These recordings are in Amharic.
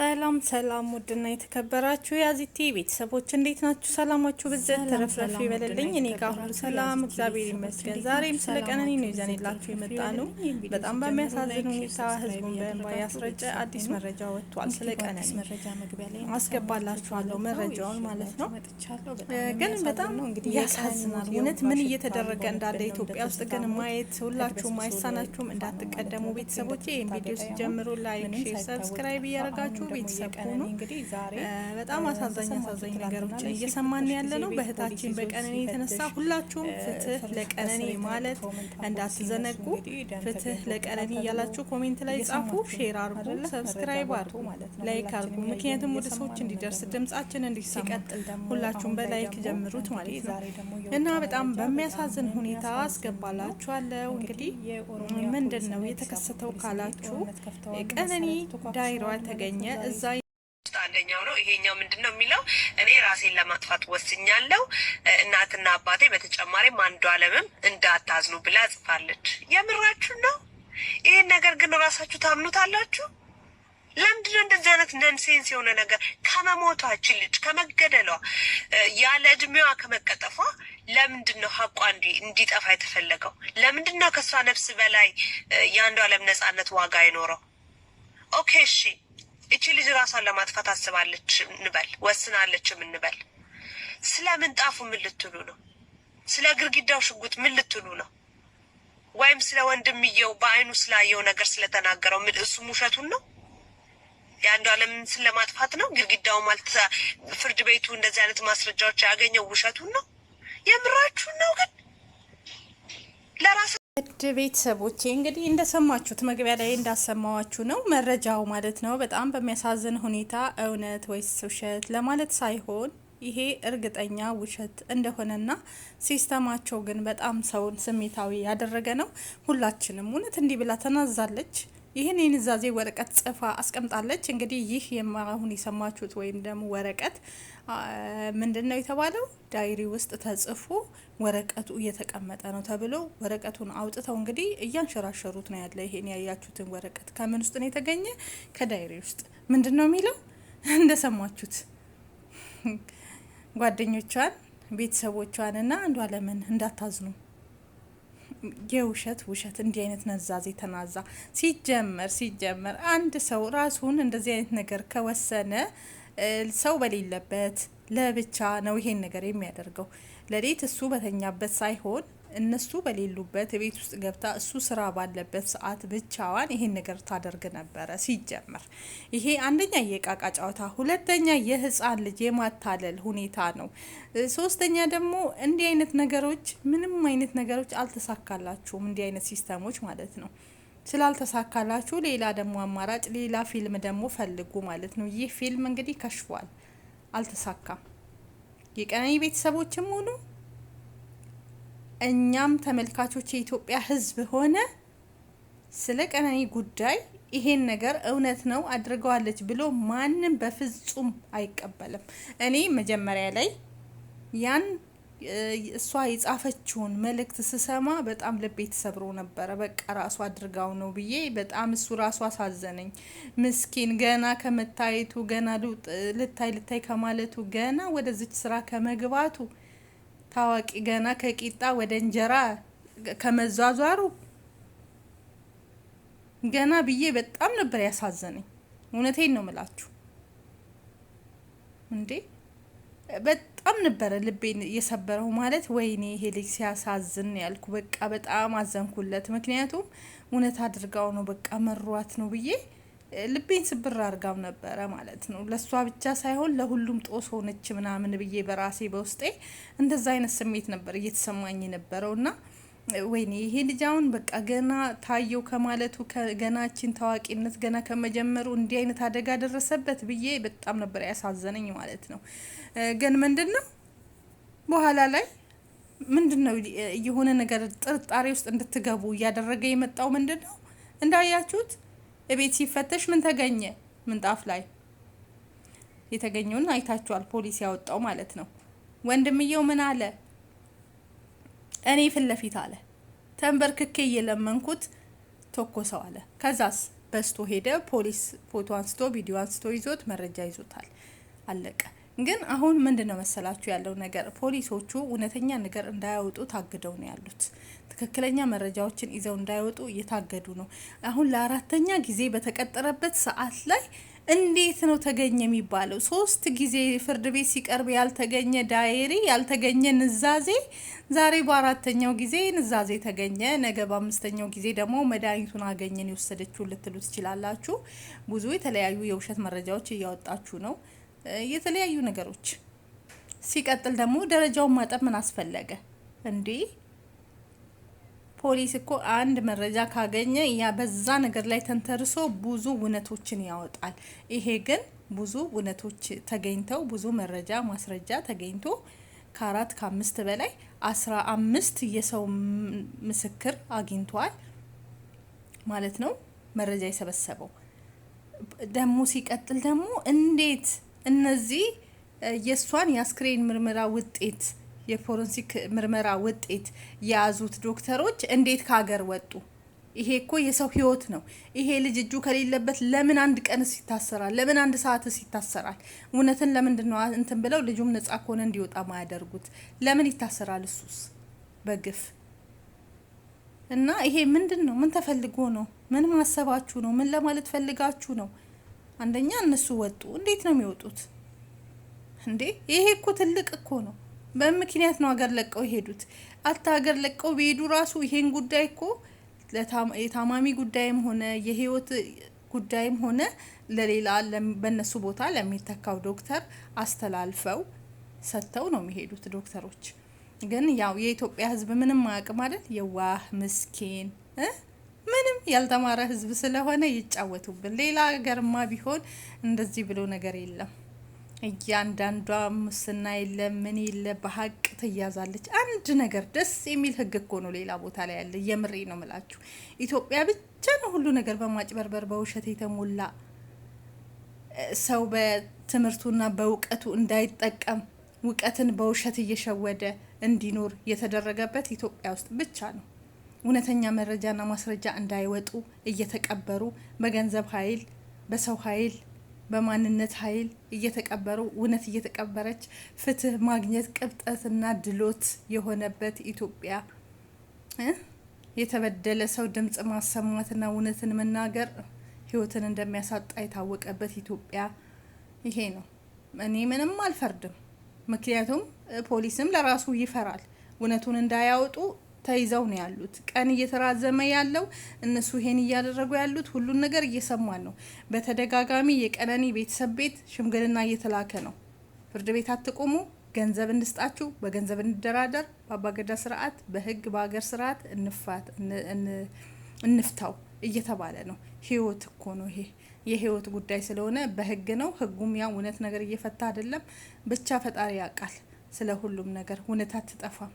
ሰላም ሰላም፣ ውድና የተከበራችሁ የአዚቲ ቤተሰቦች እንዴት ናችሁ? ሰላማችሁ ብዝህ ተረፍረፍ ይበልልኝ። እኔ ጋር ሁሉ ሰላም እግዚአብሔር ይመስገን። ዛሬም ስለ ቀነኒ ነው ይዘንላችሁ የመጣ ነው። በጣም በሚያሳዝን ሁኔታ ህዝቡን በእንባ ያስረጨ አዲስ መረጃ ወጥቷል። ስለ ቀነኒ አስገባላችኋለሁ መረጃውን ማለት ነው። ግን በጣም እንግዲህ ያሳዝናል። እውነት ምን እየተደረገ እንዳለ ኢትዮጵያ ውስጥ ግን ማየት ሁላችሁም አይሳናችሁም። እንዳትቀደሙ ቤተሰቦች ይህን ቪዲዮ ሲጀምሩ ላይክ፣ ሼር፣ ሰብስክራይብ እያደረጋችሁ ቤተሰብ ሆኖ በጣም አሳዛኝ አሳዛኝ ነገሮችን እየሰማን ያለ ነው። በእህታችን በቀነኔ የተነሳ ሁላችሁም ፍትህ ለቀነኔ ማለት እንዳትዘነጉ። ፍትህ ለቀነኔ እያላችሁ ኮሜንት ላይ ጻፉ፣ ሼር አርጉ፣ ሰብስክራይብ አርጉ፣ ላይክ አርጉ። ምክንያቱም ወደ ሰዎች እንዲደርስ ድምጻችን እንዲሰማ ሁላችሁም በላይክ ጀምሩት ማለት ነው እና በጣም በሚያሳዝን ሁኔታ አስገባላችኋለሁ። እንግዲህ ምንድን ነው የተከሰተው ካላችሁ ቀነኔ ዳይሯ ተገኘ እዛ አንደኛው ነው። ይሄኛው ምንድን ነው የሚለው እኔ ራሴን ለማጥፋት ወስኛለው፣ እናትና አባቴ በተጨማሪም አንዱ አለምም እንዳታዝኑ ብላ ጽፋለች። የምራችሁ ነው። ይሄን ነገር ግን ራሳችሁ ታምኑታላችሁ? ለምንድነው እንደዚህ አይነት ነንሴንስ የሆነ ነገር ከመሞቷችን ልጅ ከመገደሏ ያለ እድሜዋ ከመቀጠፏ ለምንድን ነው ሀቋ እንዲጠፋ የተፈለገው? ለምንድን ነው ከእሷ ነፍስ በላይ የአንዱ አለም ነጻነት ዋጋ አይኖረው? ኦኬ እሺ እቺ ልጅ ራሷን ለማጥፋት አስባለች እንበል፣ ወስናለችም እንበል። ስለ ምንጣፉ ምን ልትሉ ነው? ስለ ግድግዳው ሽጉጥ ምን ልትሉ ነው? ወይም ስለ ወንድምየው በአይኑ ስላየው ነገር ስለተናገረው እሱም ውሸቱን ነው የአንዱ አለምን ለማጥፋት ነው። ግድግዳው ማለት ፍርድ ቤቱ እንደዚህ አይነት ማስረጃዎች ያገኘው ውሸቱን ነው። የምራችሁን ነው ግን ውድ ቤተሰቦቼ እንግዲህ እንደሰማችሁት መግቢያ ላይ እንዳሰማዋችሁ ነው መረጃው ማለት ነው። በጣም በሚያሳዝን ሁኔታ እውነት ወይስ ውሸት ለማለት ሳይሆን ይሄ እርግጠኛ ውሸት እንደሆነና ሲስተማቸው ግን በጣም ሰውን ስሜታዊ ያደረገ ነው። ሁላችንም እውነት እንዲህ ብላ ተናዛለች ይህን የንዛዜ ወረቀት ጽፋ አስቀምጣለች። እንግዲህ ይህ የማሁን የሰማችሁት ወይም ደግሞ ወረቀት ምንድን ነው የተባለው? ዳይሪ ውስጥ ተጽፎ ወረቀቱ እየተቀመጠ ነው ተብሎ ወረቀቱን አውጥተው እንግዲህ እያንሸራሸሩት ነው ያለ። ይሄን ያያችሁትን ወረቀት ከምን ውስጥ ነው የተገኘ? ከዳይሪ ውስጥ ምንድን ነው የሚለው? እንደሰማችሁት ጓደኞቿን ቤተሰቦቿንና አንዷ ለምን እንዳታዝኑ የውሸት ውሸት እንዲህ አይነት ነዛዜ ተናዛ። ሲጀመር ሲጀመር አንድ ሰው ራሱን እንደዚህ አይነት ነገር ከወሰነ ሰው በሌለበት ለብቻ ነው ይሄን ነገር የሚያደርገው። ለሌት እሱ በተኛበት ሳይሆን እነሱ በሌሉበት ቤት ውስጥ ገብታ እሱ ስራ ባለበት ሰዓት ብቻዋን ይሄን ነገር ታደርግ ነበረ። ሲጀመር ይሄ አንደኛ የቃቃ ጨዋታ፣ ሁለተኛ የህፃን ልጅ የማታለል ሁኔታ ነው። ሶስተኛ ደግሞ እንዲህ አይነት ነገሮች ምንም አይነት ነገሮች አልተሳካላችሁም፣ እንዲህ አይነት ሲስተሞች ማለት ነው። ስላልተሳካላችሁ ሌላ ደግሞ አማራጭ ሌላ ፊልም ደግሞ ፈልጉ ማለት ነው። ይህ ፊልም እንግዲህ ከሽፏል፣ አልተሳካም። የቀነኒ ቤተሰቦችም ሆኑ እኛም ተመልካቾች የኢትዮጵያ ህዝብ ሆነ ስለ ቀነኒ ጉዳይ ይሄን ነገር እውነት ነው አድርገዋለች ብሎ ማንም በፍጹም አይቀበልም። እኔ መጀመሪያ ላይ ያን እሷ የጻፈችውን መልእክት ስሰማ በጣም ልቤ ተሰብሮ ነበረ። በቃ ራሱ አድርጋው ነው ብዬ በጣም እሱ ራሱ አሳዘነኝ። ምስኪን ገና ከመታየቱ ገና ልታይ ልታይ ከማለቱ ገና ወደዚች ስራ ከመግባቱ ታዋቂ ገና ከቂጣ ወደ እንጀራ ከመዟዟሩ ገና ብዬ በጣም ነበር ያሳዘነኝ። እውነቴን ነው ምላችሁ እንዴ በጣም ነበረ ልቤን የሰበረው። ማለት ወይኔ ይሄ ልጅ ሲያሳዝን ያልኩ በቃ በጣም አዘንኩለት። ምክንያቱም እውነት አድርጋው ነው በቃ መሯት ነው ብዬ ልቤን ስብር አድርጋው ነበረ ማለት ነው። ለእሷ ብቻ ሳይሆን ለሁሉም ጦስ ሆነች ምናምን ብዬ በራሴ በውስጤ እንደዛ አይነት ስሜት ነበር እየተሰማኝ የነበረው እና ወይኔ ይሄ ልጅ አሁን በቃ ገና ታየው ከማለቱ ገናችን ታዋቂነት ገና ከመጀመሩ እንዲህ አይነት አደጋ ደረሰበት ብዬ በጣም ነበር ያሳዘነኝ ማለት ነው። ግን ምንድን ነው በኋላ ላይ ምንድን ነው የሆነ ነገር ጥርጣሬ ውስጥ እንድትገቡ እያደረገ የመጣው ምንድን ነው እንዳያችሁት እቤት ሲፈተሽ ምን ተገኘ? ምንጣፍ ላይ የተገኘውን አይታችኋል። ፖሊስ ያወጣው ማለት ነው። ወንድምየው ምን አለ? እኔ ፊት ለፊት አለ ተንበርክኬ እየለመንኩት ተኮሰው አለ። ከዛስ በስቶ ሄደ። ፖሊስ ፎቶ አንስቶ ቪዲዮ አንስቶ ይዞት መረጃ ይዞታል። አለቀ። ግን አሁን ምንድን ነው መሰላችሁ ያለው ነገር ፖሊሶቹ እውነተኛ ነገር እንዳያወጡ ታግደው ነው ያሉት። ትክክለኛ መረጃዎችን ይዘው እንዳይወጡ እየታገዱ ነው። አሁን ለአራተኛ ጊዜ በተቀጠረበት ሰዓት ላይ እንዴት ነው ተገኘ የሚባለው? ሶስት ጊዜ ፍርድ ቤት ሲቀርብ ያልተገኘ ዳይሪ ያልተገኘ ንዛዜ ዛሬ በአራተኛው ጊዜ ንዛዜ ተገኘ፣ ነገ በአምስተኛው ጊዜ ደግሞ መድኃኒቱን አገኘን የወሰደችው ልትሉ ትችላላችሁ። ብዙ የተለያዩ የውሸት መረጃዎች እያወጣችሁ ነው፣ የተለያዩ ነገሮች። ሲቀጥል ደግሞ ደረጃውን ማጠብ ምን አስፈለገ እንዴ? ፖሊስ እኮ አንድ መረጃ ካገኘ ያ በዛ ነገር ላይ ተንተርሶ ብዙ እውነቶችን ያወጣል። ይሄ ግን ብዙ እውነቶች ተገኝተው ብዙ መረጃ ማስረጃ ተገኝቶ ከአራት ከአምስት በላይ አስራ አምስት የሰው ምስክር አግኝቷል ማለት ነው መረጃ የሰበሰበው ደግሞ ሲቀጥል ደግሞ እንዴት እነዚህ የእሷን የአስክሬን ምርመራ ውጤት የፎረንሲክ ምርመራ ውጤት የያዙት ዶክተሮች እንዴት ከሀገር ወጡ? ይሄ እኮ የሰው ህይወት ነው። ይሄ ልጅ እጁ ከሌለበት ለምን አንድ ቀንስ ይታሰራል? ለምን አንድ ሰዓትስ ይታሰራል? እውነትን ለምንድን ነው እንትን ብለው ልጁም ነጻ ከሆነ እንዲወጣ ማያደርጉት? ለምን ይታሰራል? እሱስ በግፍ እና ይሄ ምንድን ነው? ምን ተፈልጎ ነው? ምን ማሰባችሁ ነው? ምን ለማለት ፈልጋችሁ ነው? አንደኛ እነሱ ወጡ። እንዴት ነው የሚወጡት እንዴ? ይሄ እኮ ትልቅ እኮ ነው። በምክንያት ነው ሀገር ለቀው የሄዱት። አታ ሀገር ለቀው ቢሄዱ ራሱ ይሄን ጉዳይ እኮ የታማሚ ጉዳይም ሆነ የህይወት ጉዳይም ሆነ ለሌላ በእነሱ ቦታ ለሚተካው ዶክተር አስተላልፈው ሰጥተው ነው የሚሄዱት ዶክተሮች። ግን ያው የኢትዮጵያ ህዝብ ምንም አያውቅም አይደል? የዋህ ምስኪን ምንም ያልተማረ ህዝብ ስለሆነ ይጫወቱብን። ሌላ ሀገርማ ቢሆን እንደዚህ ብሎ ነገር የለም። እያንዳንዷ ሙስና የለ ምን የለ በሀቅ ትያዛለች። አንድ ነገር ደስ የሚል ህግ እኮ ነው ሌላ ቦታ ላይ ያለ። የምሬ ነው ምላችሁ። ኢትዮጵያ ብቻ ነው ሁሉ ነገር በማጭበርበር በውሸት የተሞላ ሰው በትምህርቱና በእውቀቱ እንዳይጠቀም እውቀትን በውሸት እየሸወደ እንዲኖር የተደረገበት ኢትዮጵያ ውስጥ ብቻ ነው። እውነተኛ መረጃና ማስረጃ እንዳይወጡ እየተቀበሩ በገንዘብ ኃይል በሰው ኃይል በማንነት ኃይል እየተቀበሩ እውነት እየተቀበረች ፍትህ ማግኘት ቅብጠትና ድሎት የሆነበት ኢትዮጵያ የተበደለ ሰው ድምጽ ማሰማትና እውነትን መናገር ህይወትን እንደሚያሳጣ የታወቀበት ኢትዮጵያ ይሄ ነው። እኔ ምንም አልፈርድም። ምክንያቱም ፖሊስም ለራሱ ይፈራል እውነቱን እንዳያወጡ ተይዘው ነው ያሉት። ቀን እየተራዘመ ያለው እነሱ ይሄን እያደረጉ ያሉት ሁሉን ነገር እየሰማን ነው። በተደጋጋሚ የቀነኒ ቤተሰብ ቤት ሽምግልና እየተላከ ነው። ፍርድ ቤት አትቆሙ፣ ገንዘብ እንስጣችሁ፣ በገንዘብ እንደራደር፣ በአባገዳ ስርዓት፣ በህግ በሀገር ስርዓት እንፍታው እየተባለ ነው። ህይወት እኮ ነው ይሄ የህይወት ጉዳይ ስለሆነ በህግ ነው። ህጉም ያው እውነት ነገር እየፈታ አይደለም። ብቻ ፈጣሪ ያውቃል ስለ ሁሉም ነገር እውነት አትጠፋም።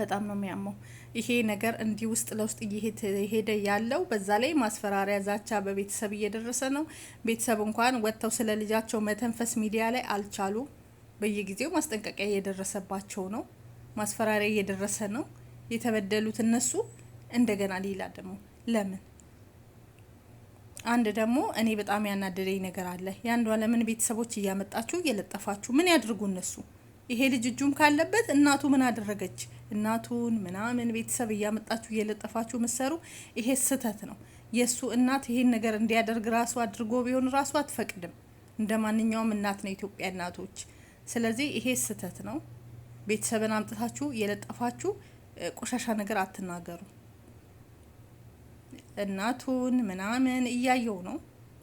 በጣም ነው የሚያመው። ይሄ ነገር እንዲህ ውስጥ ለውስጥ እየሄደ ያለው በዛ ላይ ማስፈራሪያ፣ ዛቻ በቤተሰብ እየደረሰ ነው። ቤተሰብ እንኳን ወጥተው ስለ ልጃቸው መተንፈስ ሚዲያ ላይ አልቻሉ። በየጊዜው ማስጠንቀቂያ እየደረሰባቸው ነው። ማስፈራሪያ እየደረሰ ነው። የተበደሉት እነሱ እንደገና ሌላ ደግሞ ለምን አንድ ደግሞ እኔ በጣም ያናደደኝ ነገር አለ። የአንዷ ለምን ቤተሰቦች እያመጣችሁ እየለጠፋችሁ ምን ያድርጉ እነሱ ይሄ ልጅ እጁም ካለበት እናቱ ምን አደረገች እናቱን ምናምን ቤተሰብ እያመጣችሁ እየለጠፋችሁ ምሰሩ፣ ይሄ ስህተት ነው። የእሱ እናት ይሄን ነገር እንዲያደርግ ራሱ አድርጎ ቢሆን ራሱ አትፈቅድም። እንደ ማንኛውም እናት ነው የኢትዮጵያ እናቶች። ስለዚህ ይሄ ስህተት ነው። ቤተሰብን አምጥታችሁ የለጠፋችሁ ቆሻሻ ነገር አትናገሩ። እናቱን ምናምን እያየው ነው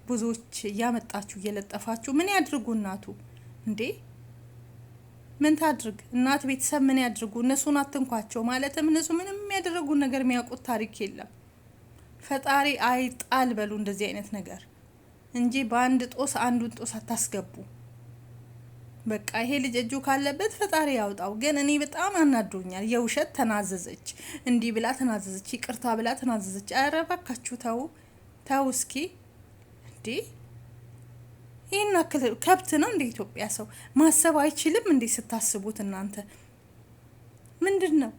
ብዙዎች እያመጣችሁ እየለጠፋችሁ ምን ያድርጉ እናቱ እንዴ? ምን ታድርግ እናት ቤተሰብ ምን ያድርጉ? እነሱን አትንኳቸው። ማለትም እነሱ ምንም የሚያደረጉን ነገር የሚያውቁት ታሪክ የለም። ፈጣሪ አይጣል በሉ እንደዚህ አይነት ነገር እንጂ በአንድ ጦስ አንዱን ጦስ አታስገቡ። በቃ ይሄ ልጅ እጁ ካለበት ፈጣሪ ያውጣው። ግን እኔ በጣም አናዶኛል። የውሸት ተናዘዘች፣ እንዲህ ብላ ተናዘዘች፣ ይቅርታ ብላ ተናዘዘች። አረ ተው ተው እስኪ እንዲህ ይህን አክል ከብት ነው እንደ ኢትዮጵያ ሰው ማሰብ አይችልም እንዴ? ስታስቡት እናንተ ምንድን ነው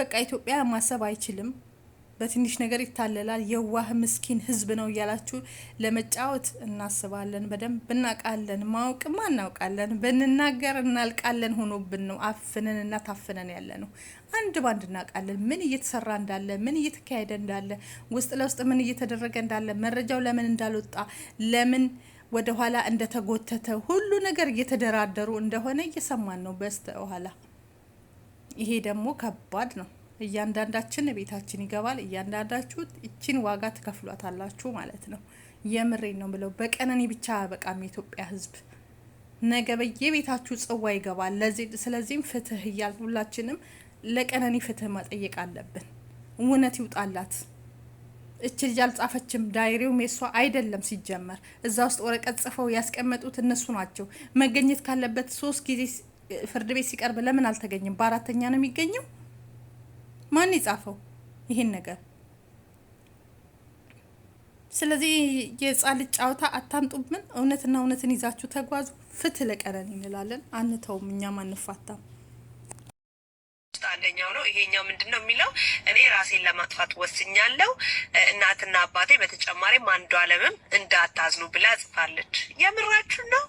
በቃ ኢትዮጵያ ማሰብ አይችልም። በትንሽ ነገር ይታለላል፣ የዋህ ምስኪን ህዝብ ነው እያላችሁ ለመጫወት እናስባለን። በደንብ እናውቃለን፣ ማወቅማ እናውቃለን። ብንናገር እናልቃለን ሆኖብን ነው አፍነን እና ታፍነን ያለ ነው። አንድ ባንድ እናውቃለን ምን እየተሰራ እንዳለ፣ ምን እየተካሄደ እንዳለ፣ ውስጥ ለውስጥ ምን እየተደረገ እንዳለ፣ መረጃው ለምን እንዳልወጣ ለምን ወደ ኋላ እንደተጎተተ ሁሉ ነገር እየተደራደሩ እንደሆነ እየሰማን ነው በስተኋላ። ይሄ ደግሞ ከባድ ነው። እያንዳንዳችን ቤታችን ይገባል። እያንዳንዳችሁ እችን ዋጋ ትከፍሏታላችሁ ማለት ነው። የምሬን ነው ብለው በቀነኔ ብቻ በቃም የኢትዮጵያ ሕዝብ ነገ በየቤታችሁ ጽዋ ይገባል። ስለዚህም ፍትህ እያል ሁላችንም ለቀነኒ ፍትህ መጠየቅ አለብን። እውነት ይውጣላት። እች ልጅ አልጻፈችም። ዳይሪው ሜሷ አይደለም ሲጀመር። እዛ ውስጥ ወረቀት ጽፈው ያስቀመጡት እነሱ ናቸው። መገኘት ካለበት ሶስት ጊዜ ፍርድ ቤት ሲቀርብ ለምን አልተገኘም? በአራተኛ ነው የሚገኘው። ማን የጻፈው ይሄን ነገር? ስለዚህ የጻልጭ ልጅ አታምጡብን። እውነትና እውነትን ይዛችሁ ተጓዙ። ፍትህ ለቀረን እንላለን። አንተውም፣ እኛም አንፋታም። አንደኛው ነው። ይሄኛው ምንድን ነው የሚለው? እኔ ራሴን ለማጥፋት ወስኛለሁ። እናትና አባቴ በተጨማሪም አንዱ አለምም እንዳታዝኑ ብላ ጽፋለች። የምራችሁ ነው?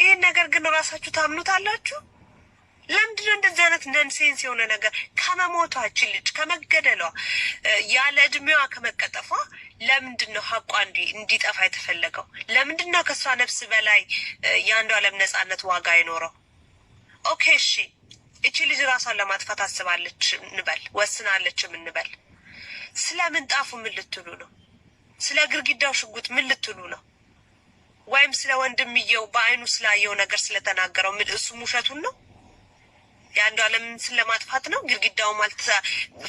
ይህን ነገር ግን ራሳችሁ ታምኑታላችሁ? ለምንድነው እንደዚህ አይነት ነንሴንስ የሆነ ነገር ከመሞቷችን ልጅ ከመገደሏ ያለ እድሜዋ ከመቀጠፏ ለምንድን ነው ሀቋ እንዲጠፋ የተፈለገው? ለምንድን ነው ከእሷ ነፍስ በላይ የአንዱ ዓለም ነጻነት ዋጋ አይኖረው? ኦኬ እሺ፣ እቺ ልጅ ራሷን ለማጥፋት አስባለች እንበል፣ ወስናለችም እንበል። ስለ ምንጣፉ ምን ልትሉ ነው? ስለ ግድግዳው ሽጉጥ ምን ልትሉ ነው? ወይም ስለ ወንድምየው በአይኑ ስላየው ነገር ስለተናገረው እሱ ውሸቱን ነው የአንዱ አለምን ስም ለማጥፋት ነው። ግድግዳው ማለት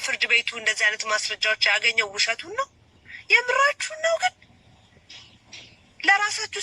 ፍርድ ቤቱ እንደዚህ አይነት ማስረጃዎች ያገኘው ውሸቱን ነው። የምራችሁን ነው ግን ለራሳችሁ